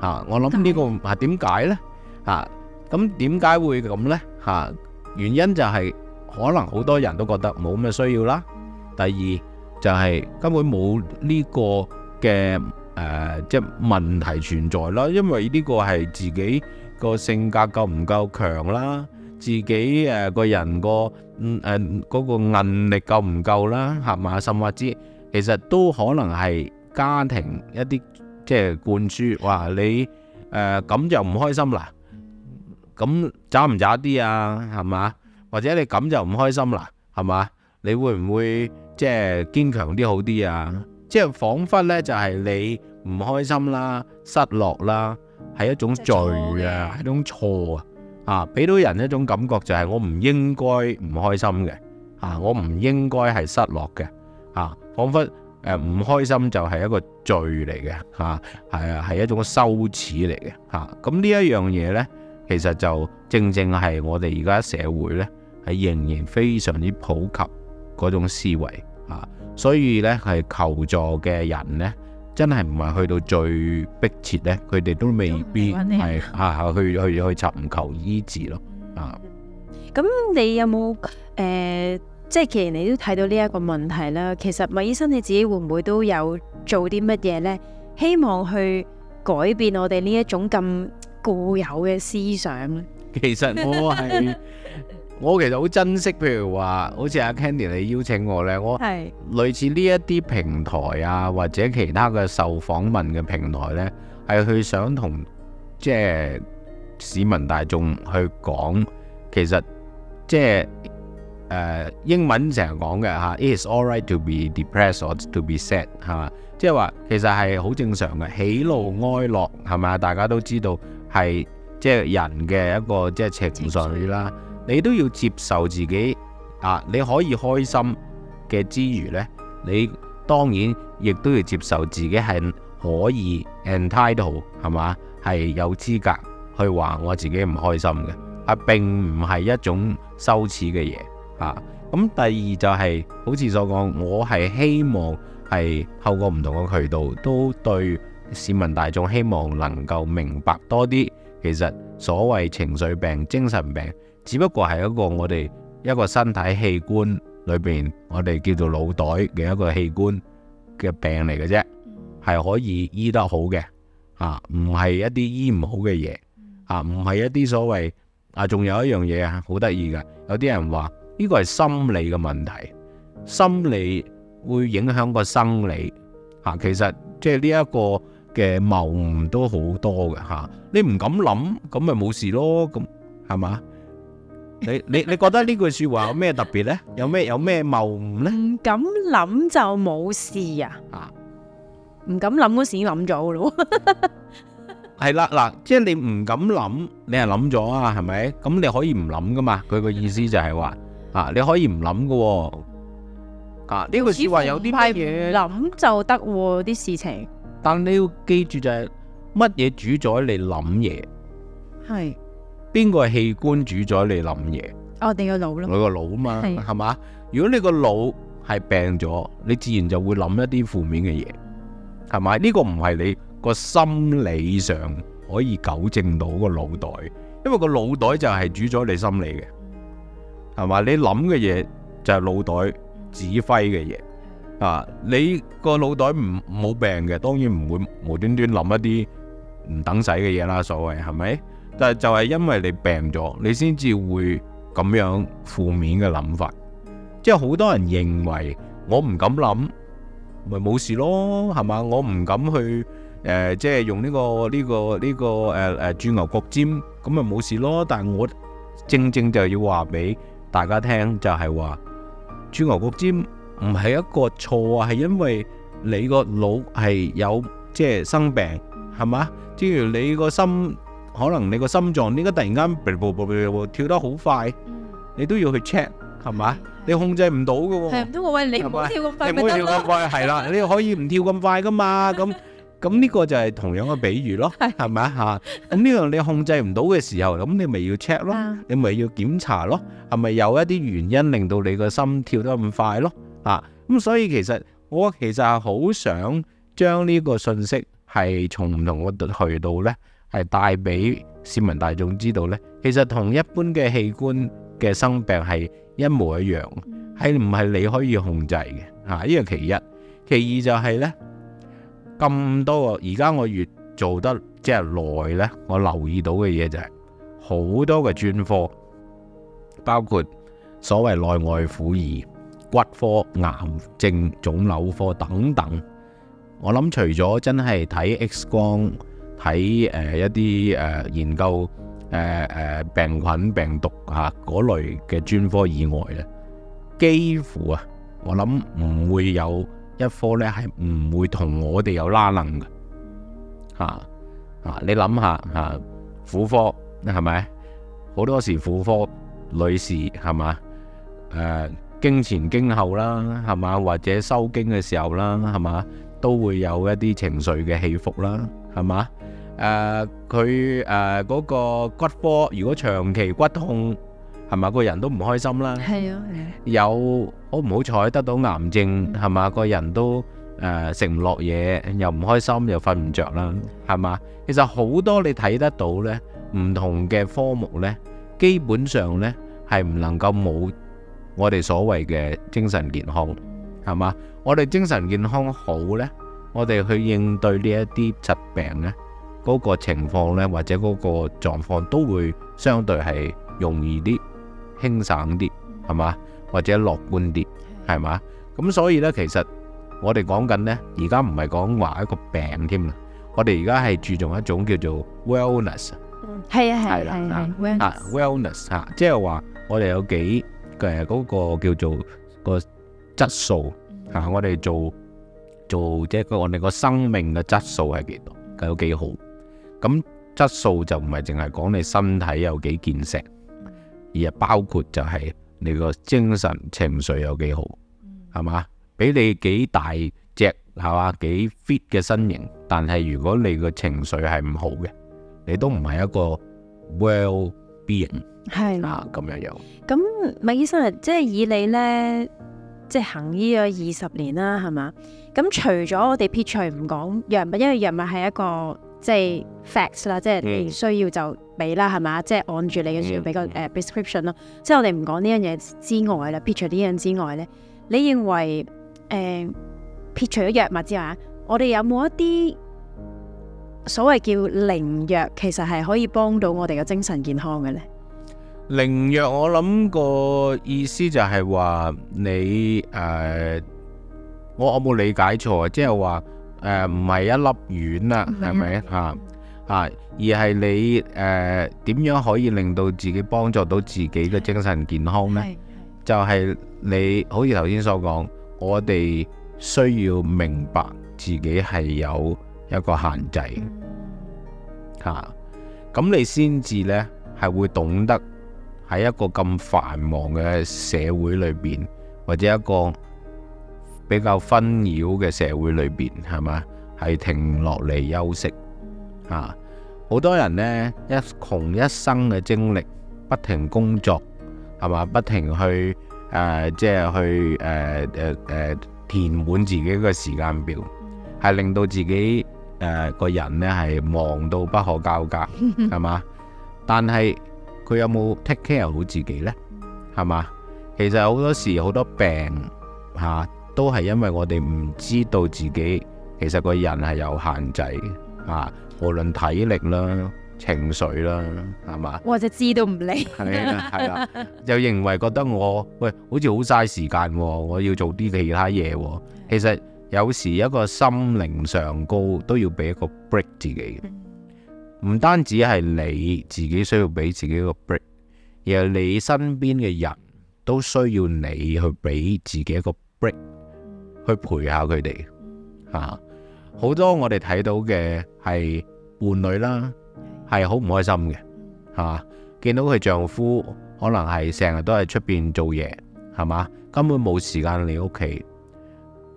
嚇、啊。我諗呢個係點解呢？嚇、啊？咁點解會咁呢？嚇，原因就係可能好多人都覺得冇咩需要啦。第二就係根本冇呢個嘅誒，即係問題存在啦。因為呢個係自己個性格夠唔夠強啦，自己誒個人個誒嗰個韌力夠唔夠啦，係嘛？甚至其實都可能係家庭一啲即係灌輸話你誒咁就唔開心啦。咁渣唔渣啲啊，係嘛？或者你咁就唔開心啦，係嘛？你會唔會、就是堅強嗯、即係堅強啲好啲啊？即係仿佛呢，就係、係、你唔開心啦、失落啦，係一種罪啊，係、嗯、一種錯啊。啊，俾到人一種感覺就係我唔應該唔開心嘅，啊，我唔應該係失落嘅，啊，仿佛誒唔開心就係一個罪嚟嘅，吓係啊，係一種羞恥嚟嘅，吓、啊。咁呢一樣嘢呢。其實就正正係我哋而家社會呢，係仍然非常之普及嗰種思維啊，所以呢，係求助嘅人呢，真係唔係去到最迫切呢？佢哋都未必係吓、啊、去去去尋求醫治咯啊。咁你有冇誒、呃，即係其實你都睇到呢一個問題啦。其實麥醫生你自己會唔會都有做啲乜嘢呢？希望去改變我哋呢一種咁。固有嘅思想咧，其實我係我其實好珍惜，譬如話，好似阿 Candy 你邀請我咧，我係類似呢一啲平台啊，或者其他嘅受訪問嘅平台咧，係去想同即係市民大眾去講，其實即係誒英文成日講嘅嚇，it's all right to be depressed or to be sad，係嘛？即係話其實係好正常嘅，喜怒哀樂係嘛？大家都知道。係即係人嘅一個即係情緒啦，受你都要接受自己啊，你可以開心嘅之餘呢，你當然亦都要接受自己係可以 entitled 係嘛，係有資格去話我自己唔開心嘅，係、啊、並唔係一種羞恥嘅嘢啊。咁第二就係、是、好似所講，我係希望係透過唔同嘅渠道都對，市民大眾希望能夠明白多啲，其實所謂情緒病、精神病，只不過係一個我哋一個身體器官裏邊，我哋叫做腦袋嘅一個器官嘅病嚟嘅啫，係可以醫得好嘅啊，唔係一啲醫唔好嘅嘢啊，唔係一啲所謂啊。仲有一樣嘢啊，好得意㗎，有啲人話呢個係心理嘅問題，心理會影響個生理啊。其實即係呢一個。嘅謬誤都好多嘅吓，你唔敢諗，咁咪冇事咯，咁係嘛？你你你覺得呢句說話有咩特別咧？有咩有咩謬誤咧？唔敢諗就冇事啊！啊，唔敢諗嗰時已經諗咗嘅咯，係啦嗱，即係你唔敢諗，你係諗咗啊？係咪？咁你可以唔諗噶嘛？佢個意思就係話啊，你可以唔諗噶，啊呢句說話有啲派諗就得啲事情。但你要記住就係乜嘢，主宰你諗嘢，係邊是個係器官主宰你諗嘢？我哋、哦、個腦咯，我個腦啊嘛，係嘛是？如果你個腦係病咗，你自然就會諗一啲負面嘅嘢，係咪？呢、呢個唔係你個心理上可以糾正到個腦袋，因為個腦袋就係主宰你心理嘅，係嘛？你諗嘅嘢就係腦袋指揮嘅嘢。啊！你個腦袋唔冇病嘅，當然唔會無端端諗一啲唔等使嘅嘢啦。所謂係咪？但係就係因為你病咗，你先至會咁樣負面嘅諗法。即係好多人認為我唔敢諗，咪冇事咯，係嘛？我唔敢去誒、呃，即係用呢、呢個呢、呢個呢、這個誒誒鑽牛角尖，咁咪冇事咯。但係我正正就要話俾大家聽，就係話鑽牛角尖。唔係一個錯啊，係因為你個腦係有即係生病，係嘛？譬如你個心，可能你個心臟點解突然間跳得好快？你都要去 check 係嘛？你控制唔到㗎喎。係，都話喂，你唔好跳咁快，唔好跳咁快。係啦，你可以唔跳咁快噶嘛？咁咁呢個就係同樣嘅比喻咯，係咪啊？嚇，咁呢樣你控制唔到嘅時候，咁你咪要 check 咯，你咪要檢查咯，係咪有一啲原因令到你個心跳得咁快咯？啊，咁所以其實我其實係好想將呢個信息，係從唔同嘅渠道呢，係帶俾市民大眾知道呢。其實同一般嘅器官嘅生病係一模一樣，係唔係你可以控制嘅。吓、啊、呢、呢個其一，其二就係呢，咁多個而家我越做得即係耐呢，我留意到嘅嘢就係、是、好多嘅專科，包括所謂內外婦兒。骨科、癌症、腫瘤科等等，我諗除咗真係睇 X 光、睇誒、呃、一啲誒、呃、研究誒誒、呃呃、病菌、病毒嚇、啊、嗰類嘅專科以外咧，幾乎啊，我諗唔會有一科咧係唔會同我哋有拉能嘅嚇啊！你諗下嚇，婦、啊、科係咪？好多時婦科女士係嘛誒？經前經後啦，係嘛？或者收經嘅時候啦，係嘛？都會有一啲情緒嘅起伏啦，係嘛？誒，佢、誒嗰個骨科，如果長期骨痛，係嘛？個人都唔開心啦。係咯，係咯。有好唔好彩得到癌症，係嘛？個人都誒食唔落嘢，又唔開心，又瞓唔着啦，係嘛？其實好多你睇得到呢，唔同嘅科目呢，基本上呢係唔能夠冇。我哋所謂嘅精神健康，係嘛？我哋精神健康好咧，我哋去應對呢一啲疾病咧，嗰個情況咧，或者嗰個狀況都會相對係容易啲、輕省啲，係嘛？或者樂觀啲，係嘛？咁所以咧，其實我哋講緊咧，而家唔係講話一個病添啦，我哋而家係注重一種叫做 wellness，係啊係係啦係啊，wellness 吓，即係話我哋有幾？誒，嗰個叫做、個質素吓、啊，我哋做做即係、就是、我哋個生命嘅質素係幾多，有幾好。咁、那、質、個、素就唔係淨係講你身體有幾健碩，而係包括就係你個精神情緒有幾好，係嘛？俾你幾大隻係嘛？幾 fit 嘅身形，但係如果你個情緒係唔好嘅，你都唔係一個 well being。係啊，咁樣樣。咁，麥醫生啊，即係以你咧，即係行醫咗二十年啦，係嘛？咁除咗我哋撇除唔講藥物，因為藥物係一個即係 facts 啦，即係需要就俾啦，係嘛？即係按住你嘅需要俾個誒 prescription 咯。即係我哋唔講呢樣嘢之外啦，撇除呢樣之外咧，你認為誒、呃、撇除咗藥物之外，我哋有冇一啲所謂叫靈藥，其實係可以幫到我哋嘅精神健康嘅咧？靈藥我諗個意思就係話你誒、呃，我我冇理解錯即係話誒唔係一粒丸啦，係咪啊？是是 啊，而係你誒點、呃、樣可以令到自己幫助到自己嘅精神健康呢？ 就係你好似頭先所講，我哋需要明白自己係有一個限制嚇，咁、 啊、你先至呢係會懂得。喺一個咁繁忙嘅社會裏邊，或者一個比較紛擾嘅社會裏邊，係嘛？係停落嚟休息啊！好多人呢，一窮一生嘅精力，不停工作，係嘛？不停去誒、呃，即係去誒誒、呃呃呃、填滿自己嘅時間表，係令到自己誒、呃、個人呢，係忙到不可開交，係嘛？ 但係。佢有冇 take care 好自己呢？係嘛？其實好多時好多病嚇、啊、都係因為我哋唔知道自己其實個人係有限制嘅嚇、啊，無論體力啦、情緒啦，係嘛？我就知道唔理，係 啦、啊啊、就啦，又認為覺得我喂好似好嘥時間喎、啊，我要做啲其他嘢喎、啊。其實有時一個心靈上高都要俾一個 break 自己。嗯唔單止係你自己需要俾自己一個 break，而係你身邊嘅人都需要你去俾自己一個 break，去陪下佢哋吓。好多我哋睇到嘅係伴侶啦，係好唔開心嘅，係嘛？見到佢丈夫可能係成日都係出邊做嘢，係嘛？根本冇時間嚟屋企，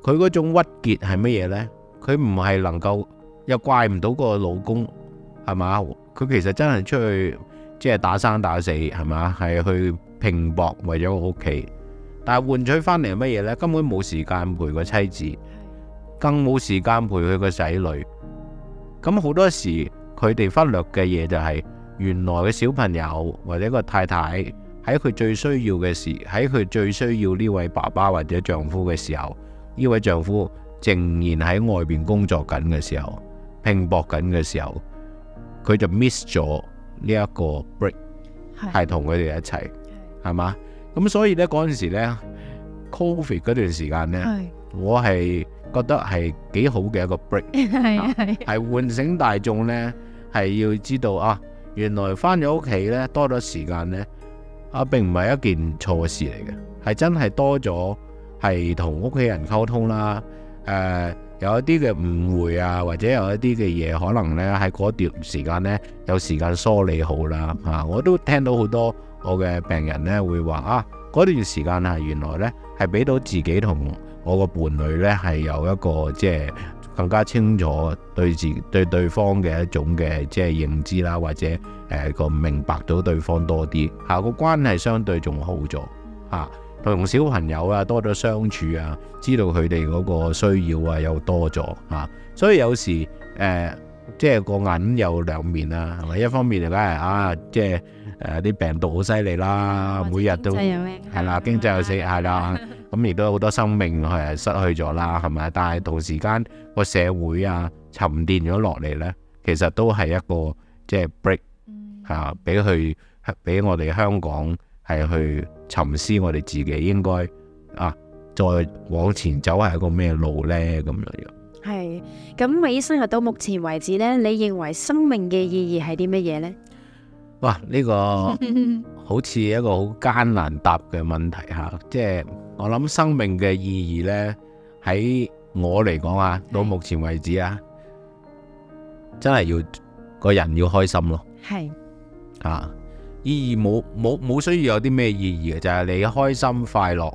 佢嗰種鬱結係乜嘢呢？佢唔係能夠又怪唔到個老公。係嘛？佢其實真係出去，即係打生打死，係嘛？係去拼搏，為咗個屋企。但係換取翻嚟乜嘢呢？根本冇時間陪個妻子，更冇時間陪佢個仔女。咁好多時佢哋忽略嘅嘢就係原來嘅小朋友或者個太太喺佢最需要嘅時，喺佢最需要呢位爸爸或者丈夫嘅時候，呢位丈夫仍然喺外邊工作緊嘅時候，拼搏緊嘅時候。佢就 miss 咗是呢，呢，呢是一個 break，係同佢哋一齊，係咪？咁所以咧嗰陣時咧，COVID 嗰段時間咧，我係覺得係幾好嘅一個 break，係喚醒大眾咧，係要知道啊，原來返咗屋企咧，多咗時間咧，啊並唔係一件錯事嚟嘅，係真係多咗係同屋企人溝通啦，誒、啊。有一啲嘅誤會啊，或者有一啲嘅嘢，可能呢，喺嗰段時間呢，有時間梳理好啦。啊，我都聽到好多我嘅病人呢，會話啊，嗰段時間啊，原來呢，係俾到自己同我個伴侶呢，係有一個即係更加清楚對自對對方嘅一種嘅即係認知啦，或者誒個明白到對方多啲，下、啊、個關係相對仲好咗啊。同小朋友啊多咗相處啊，知道佢哋嗰個需要啊又多咗啊，所以有時誒、呃，即係個銀有兩面啊，係咪？一方面就梗係啊，即係誒啲病毒好犀利啦，每日都係啦，經濟又死係、嗯、啦，咁亦、 嗯、都好多生命係失去咗啦，係咪？但係同時間個社會啊沉澱咗落嚟咧，其實都係一個即係 break 嚇、啊，俾佢俾我哋香港係去、嗯。沉思我哋自己應該啊，再往前走係一個咩路呢？咁樣？係，咁麥醫生又到目前為止呢，你認為生命嘅意義係啲乜嘢呢？哇！呢、這個好似一個好艱難答嘅問題嚇、 啊，即係我諗生命嘅意義呢，喺我嚟講啊，到目前為止啊，是真係要個人要開心咯。係是啊。意義冇冇冇需要有啲咩意義嘅，就係你開心快樂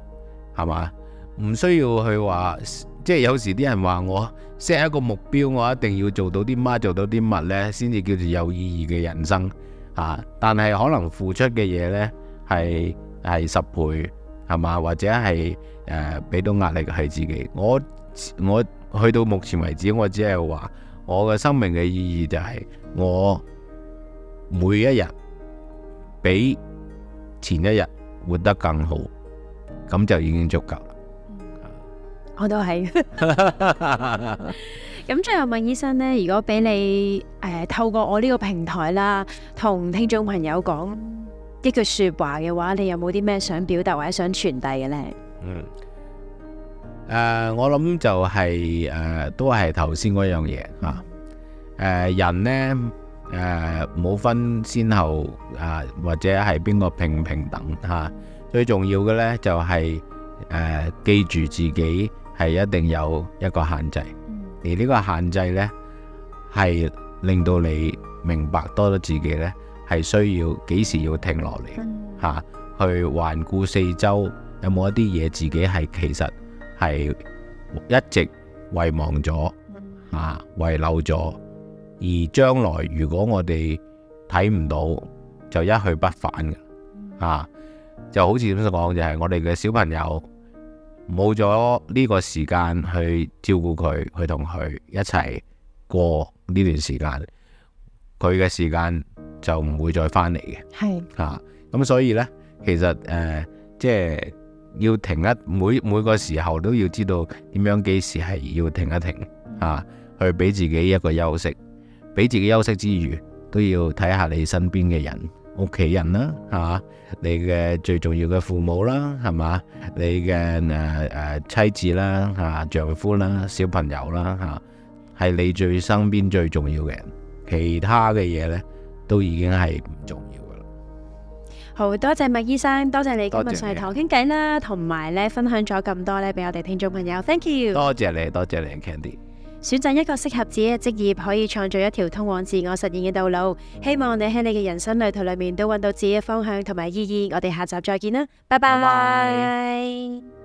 係嘛，唔需要去話，即係有時啲人話我 set 一個目標，我一定要做到啲乜做到啲乜呢，先至叫做有意義嘅人生啊！但係可能付出嘅嘢呢，係係十倍係嘛，或者係誒俾到壓力係自己。我我去到目前為止，我只係話我嘅生命嘅意義就係我每一日。比前一日活得更好，咁就已經足夠啦、嗯。我都係。咁 最後問醫生呢，如果俾你誒、呃、透過我呢個平台啦，同聽眾朋友講一句說話嘅話，你有冇啲咩想表達或者想傳遞嘅呢？嗯，誒、呃，我諗就係、是、誒、呃，都係頭先嗰樣嘢吓，誒、啊呃，人呢。誒，冇、呃、分先後啊、呃，或者係邊個平平等吓、啊，最重要嘅呢，就係、是、誒、呃，記住自己係一定有一個限制，嗯、而呢個限制呢，係令到你明白多咗自己呢係需要幾時要停落嚟吓，去環顧四周，有冇一啲嘢自己係其實係一直遺忘咗啊，遺漏咗。而將來如果我哋睇唔到，就一去不返嘅，啊，就好似點樣講，就係、是、我哋嘅小朋友冇咗呢個時間去照顧佢，去同佢一齊過呢段時間，佢嘅時間就唔會再返嚟嘅。係是啊，咁所以呢，其實誒、呃，即係要停一每每個時候都要知道點樣幾時係要停一停，啊，去俾自己一個休息。俾自己休息之餘，都要睇下你身邊嘅人，屋企人啦，係、啊、你嘅最重要嘅父母啦，係嘛？你嘅誒誒妻子啦，吓、啊、丈夫啦，小朋友啦，吓、啊、係你最身邊最重要嘅人。其他嘅嘢呢，都已經係唔重要噶啦。好多謝麥醫生，多謝你今日上堂傾偈啦，同埋呢分享咗咁多呢俾我哋聽眾朋友，Thank you。多謝你，多謝你，Candy。選擇一個適合自己嘅職業，可以創造一條通往自我實現嘅道路。希望你喺你嘅人生旅途裏面都揾到自己嘅方向同埋意義。我哋下集再見啦，拜拜。Bye bye